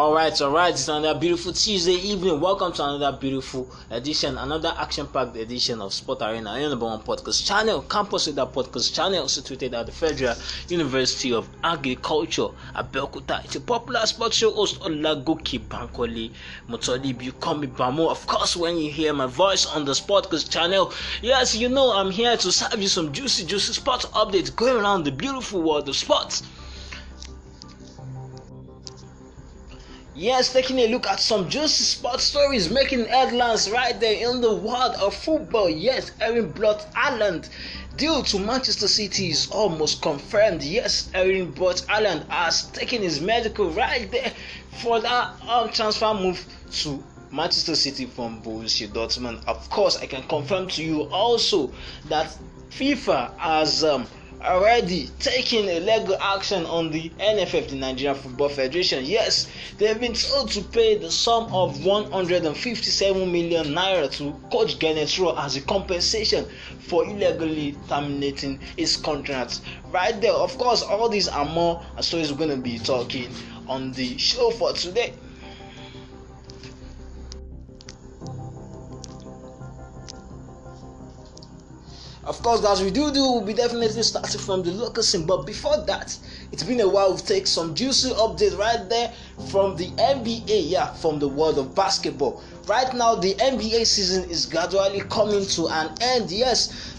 All right, all right. It's another beautiful Tuesday evening. Welcome to another beautiful edition, another action-packed edition of Sport Arena, your number one podcast channel, campus with that podcast channel, situated at the Federal University of Agriculture, Abeokuta. It's a popular sports show host Olagoke Bankole Mutolibi. You call me Bamo. Of course, when you hear my voice on the podcast channel, yes, you know I'm here to serve you some juicy, juicy sports updates going around the beautiful world of sports. Yes, taking a look at some juicy sports stories making headlines right there in the world of football. Yes, Erin Blot Island deal to Manchester City is almost confirmed. Yes, Erin Blot Island has taken his medical right there for that um, transfer move to Manchester City from Borussia Dortmund. Of course, I can confirm to you also that FIFA has um, already taking a legal action on the NFF, the Nigerian Football Federation. Yes, they've been told to pay the sum of 157 million naira to Coach Genetro as a compensation for illegally terminating his contract. Right there, of course, all these and more, so are going to be talking on the show for today. Of course, guys, we do do, we'll be definitely starting from the local scene, But before that, it's been a while. We've taken some juicy update right there from the NBA, yeah, from the world of basketball. Right now, the NBA season is gradually coming to an end. Yes,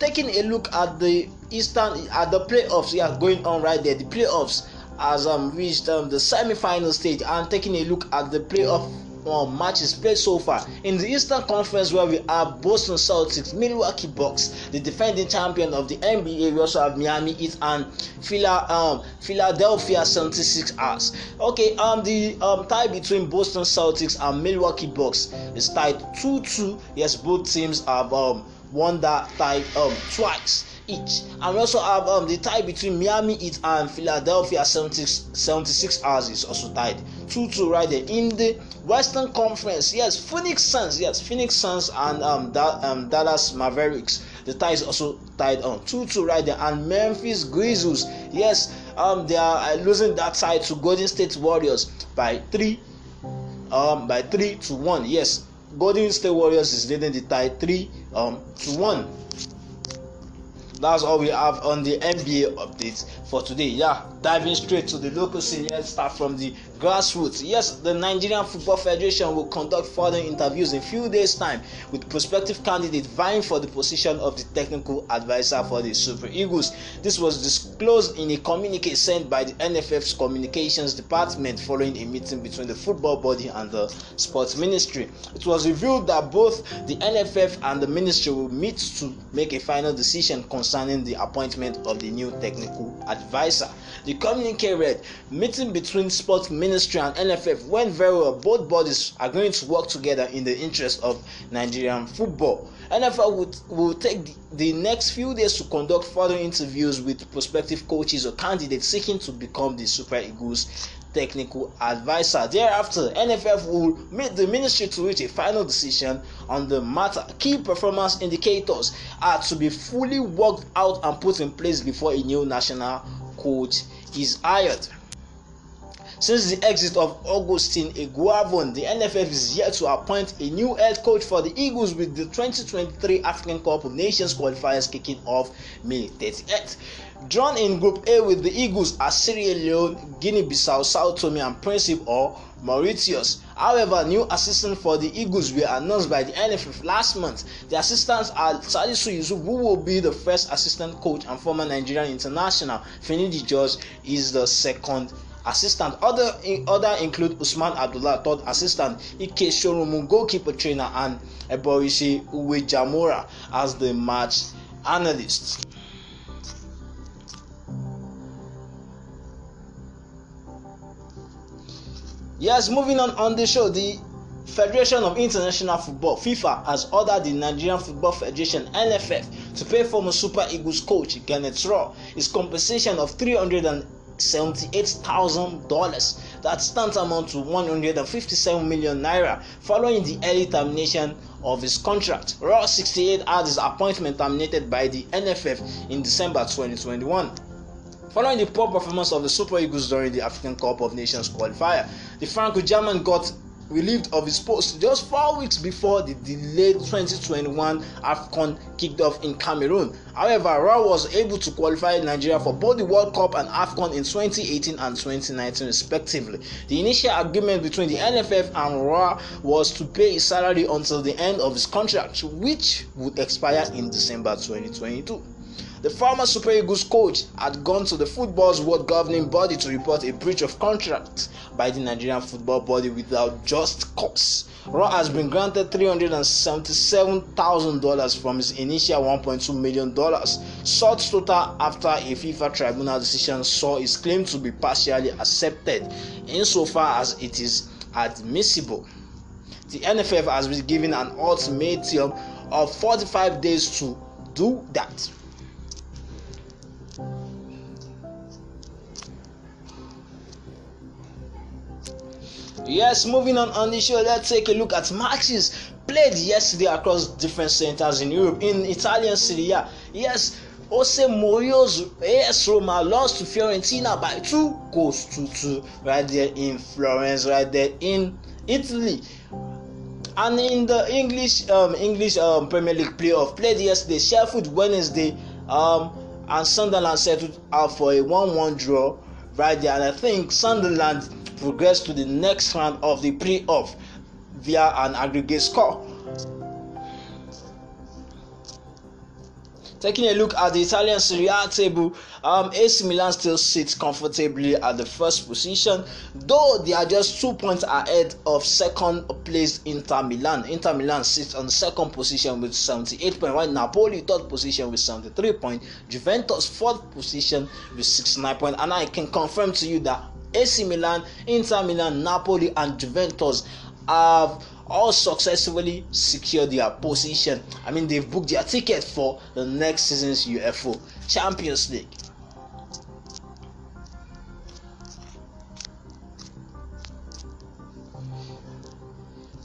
taking a look at the Eastern, at the playoffs, yeah, going on right there. The playoffs has um, reached um, the semi-final stage, and taking a look at the playoff um, matches played so far. In the Eastern Conference, where we have Boston Celtics, Milwaukee Bucks, the defending champion of the NBA, we also have Miami Heat and Phila, um, Philadelphia 76ers. Okay, um, the um, tie between Boston Celtics and Milwaukee Bucks is tied 2 2. Yes, both teams have um, won that tie um, twice each. And we also have um, the tie between Miami Heat and Philadelphia 76, 76 hours is also tied 2 2 right there in the Western Conference, yes, Phoenix Suns, yes, Phoenix Suns and um, da- um Dallas Mavericks. The tie is also tied on two two right there, and Memphis Grizzlies, yes, um, they are uh, losing that tie to Golden State Warriors by three, um, by three to one. Yes, Golden State Warriors is leading the tie three um to one. That's all we have on the NBA updates for today. Yeah, diving straight to the local senior staff from the grassroots. Yes, the Nigerian Football Federation will conduct further interviews in a few days' time with prospective candidates vying for the position of the technical advisor for the Super Eagles. This was disclosed in a communique sent by the NFF's communications department following a meeting between the football body and the sports ministry. It was revealed that both the NFF and the ministry will meet to make a final decision concerning the appointment of the new technical advisor. The the communique read, meeting between Sports Ministry and NFF went very well. Both bodies are going to work together in the interest of Nigerian football. NFF would, will take the, the next few days to conduct further interviews with prospective coaches or candidates seeking to become the Super Eagles technical advisor. Thereafter, NFF will meet the ministry to reach a final decision on the matter. Key performance indicators are to be fully worked out and put in place before a new national coach He's ayat since the exit of Augustine Iguavon, the NFF is yet to appoint a new head coach for the Eagles with the 2023 African Cup of Nations qualifiers kicking off May 38. Drawn in Group A with the Eagles are Sierra Leone, Guinea-Bissau, Sao Tome and Principe or Mauritius. However, new assistants for the Eagles were announced by the NFF last month. The assistants are Salisu Yusuf, who will be the first assistant coach, and former Nigerian international Finidi George is the second assistant. Other in, other include Usman Abdullah, third assistant, Ike Shorumu, goalkeeper trainer, and Eborishi Uwejamora as the match analyst. Yes, moving on on the show, the Federation of International Football FIFA has ordered the Nigerian Football Federation NFF to pay former Super Eagles coach Kenneth Raw his compensation of 300 $78,000. That stands amount to 157 million naira following the early termination of his contract. Raw 68 had his appointment terminated by the NFF in December 2021. Following the poor performance of the Super Eagles during the African Cup of Nations qualifier, the Franco-German got relieved of his post just four weeks before the delayed 2021 AFCON kicked off in Cameroon. However, Rao was able to qualify Nigeria for both the World Cup and AFCON in 2018 and 2019 respectively. The initial agreement between the NFF and Rao was to pay his salary until the end of his contract, which would expire in December 2022. The former Super Eagles coach had gone to the football's world governing body to report a breach of contract by the Nigerian football body without just cause. Raw has been granted $377,000 from his initial $1.2 million sought total after a FIFA tribunal decision saw his claim to be partially accepted insofar as it is admissible. The NFF has been given an ultimatum of 45 days to do that. Yes, moving on on the show, let's take a look at matches played yesterday across different centers in Europe. In Italian Serie A, yes, Jose Mourinho's AS Roma lost to Fiorentina by two goals to two right there in Florence, right there in Italy. And in the English um, English um, Premier League playoff played yesterday, Sheffield Wednesday um, and Sunderland settled out for a 1-1 draw right there. And I think Sunderland progress to the next round of the playoff via an aggregate score. Taking a look at the Italian Serie A table, um, AC Milan still sits comfortably at the first position, though they are just two points ahead of second place Inter Milan. Inter Milan sits on the second position with 78 points, while Napoli third position with 73 points, Juventus fourth position with 69 points. And I can confirm to you that AC Milan, Inter Milan, Napoli, and Juventus have all successfully secured their position. I mean, they've booked their ticket for the next season's UFO Champions League.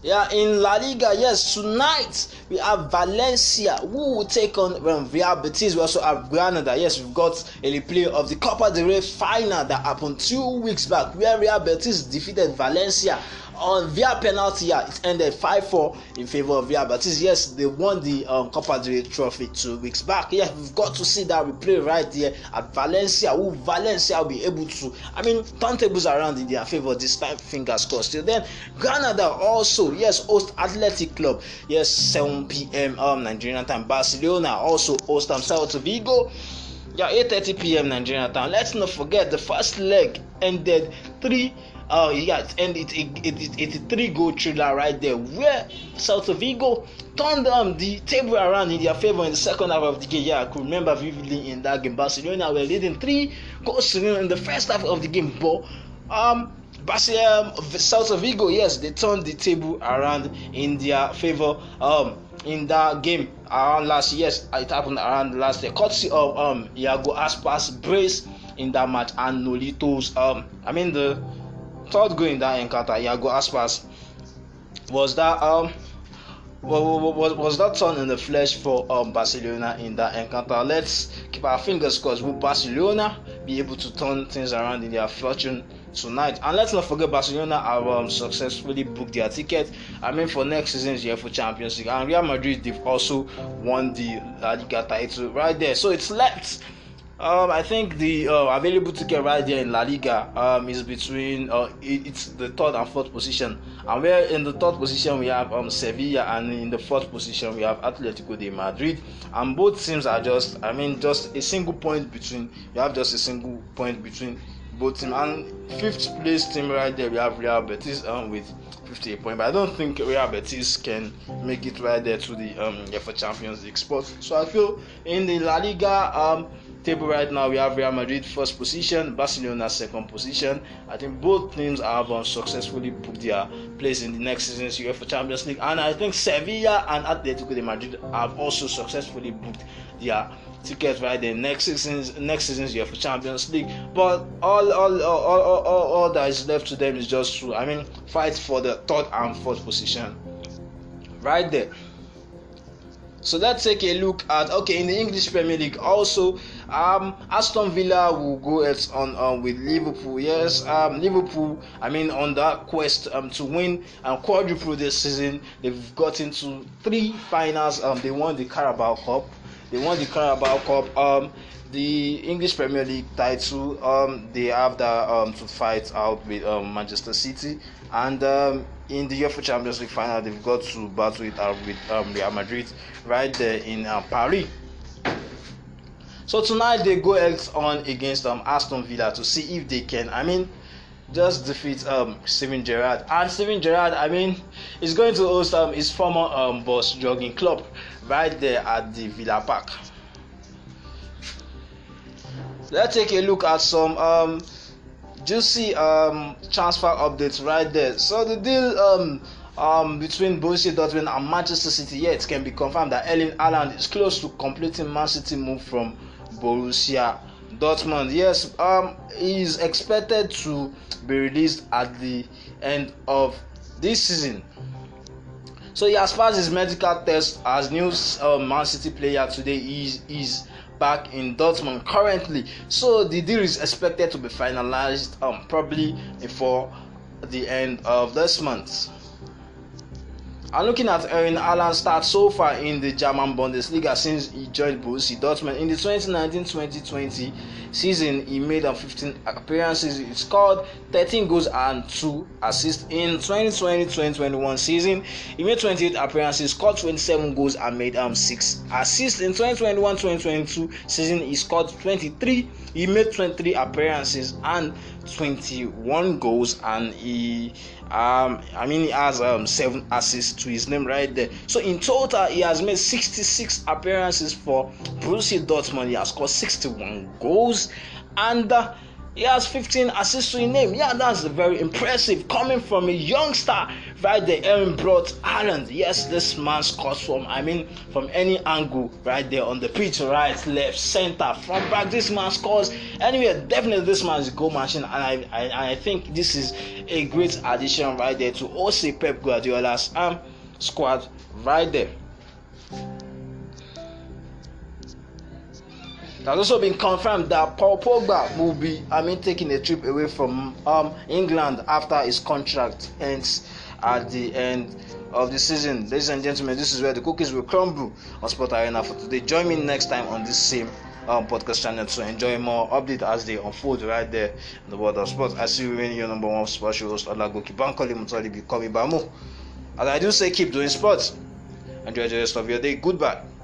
Yeah, in La Liga, yes, tonight we have Valencia who will take on um, Real Betis. We also have Granada. Yes, we've got a replay of the Copa del Rey final that happened two weeks back where Real Betis defeated Valencia on via penalty, yeah, it ended 5 4 in favor of Real Betis. Yes, they won the um, Copa del Rey trophy two weeks back. Yeah, we've got to see that replay right there at Valencia. Who Valencia will be able to, I mean, turntables around in their favor despite fingers crossed. Till then, Granada also, yes, host Athletic Club, yes, 7 p.m. Um, Nigerian time. Barcelona also host themselves um, to Vigo. Yeah, 8:30 p.m. Nigerian time. Let's not forget the first leg ended 3 Oh yes, and it, it, it, it's a three-goal thriller right there, where of Vigo turned um, the table around in their favor in the second half of the game. Yeah, I could remember vividly in that game. Barcelona were leading three goals in the first half of the game, but um, Barcelona, um, of Vigo, yes, they turned the table around in their favor. Um, in that game around last year, it happened around last year. Courtesy of um Iago Aspas brace in that match and Nolito's um, I mean the third goal in that encounter, Yago Aspas, was that um was, was that turn in the flesh for um, Barcelona in that encounter. Let's keep our fingers crossed. Will Barcelona be able to turn things around in their fortune tonight? And let's not forget Barcelona have um, successfully booked their ticket. I mean for next season's UEFA Champions League. And Real Madrid they've also won the La Liga title right there. So it's left um, I think the uh, available ticket right there in La Liga um, is between uh, it, it's the third and fourth position, and we're in the third position we have um, Sevilla, and in the fourth position we have Atletico de Madrid, and both teams are just I mean just a single point between you have just a single point between both teams, and fifth place team right there we have Real Betis um, with 58 points, but I don't think Real Betis can make it right there to the um, UEFA Champions League spot. So I feel in the La Liga um table right now, we have Real Madrid first position, Barcelona second position. I think both teams have um, successfully booked their place in the next season's UEFA Champions League, and I think Sevilla and Atletico de Madrid have also successfully booked their tickets right the next season's next season's UEFA Champions League. But all all, all all, all all that is left to them is just to I mean fight for the third and fourth position, right there. So let's take a look at okay in the English Premier League also um, Aston Villa will go at, on uh, with Liverpool. Yes, um, Liverpool. I mean, on that quest um, to win and quadruple this season, they've got into three finals. Um, they won the Carabao Cup. They won the Carabao Cup. Um, the English Premier League title. Um, they have that um, to fight out with um, Manchester City, and um, in the UEFA Champions League final, they've got to battle it out with um, Real Madrid right there in uh, Paris. So tonight they go out on against um, Aston Villa to see if they can. I mean, just defeat um, Steven Gerrard. And Steven Gerrard, I mean, is going to host um, his former um, boss jogging club right there at the Villa Park. Let's take a look at some um, juicy um, transfer updates right there. So the deal um, um, between Borussia Dortmund and Manchester City yet yeah, can be confirmed that Erling Haaland is close to completing Man City move from Borussia Dortmund. Yes, um, he is expected to be released at the end of this season. So he has passed his medical test as new uh, Man City player today. He is, is back in Dortmund currently. So the deal is expected to be finalized um, probably before the end of this month. And looking at Erin Haaland's start so far in the German Bundesliga since he joined Borussia Dortmund in the 2019-2020 season, he made 15 appearances. He scored 13 goals and 2 assists in 2020-2021 season. He made 28 appearances, scored 27 goals and made um, 6 assists in 2021-2022 season. He scored 23 he made 23 appearances and 21 goals and he um i mean he has um seven assists to his name right there so in total he has made 66 appearances for Borussia Dortmund he has scored 61 goals and uh, he has 15 assists to his name yeah that's very impressive coming from a youngster right there, Aaron brought Haaland. Yes, this man scores from, I mean, from any angle, right there on the pitch, right, left, center, front back. This man scores. Anyway, definitely this man is a goal machine, and I, I, I think this is a great addition right there to OC Pep Guardiola's um, squad right there. It has also been confirmed that Paul Pogba will be, I mean, taking a trip away from um, England after his contract ends at the end of the season. Ladies and gentlemen, this is where the cookies will crumble on Sport Arena for today. Join me next time on this same um, podcast channel to enjoy more updates as they unfold right there in the world of sports. I see you when your number one sports show host, Alagoki Bankole Mutali Bikomi Bamu. And I do say keep doing sports. Enjoy the rest of your day. Goodbye.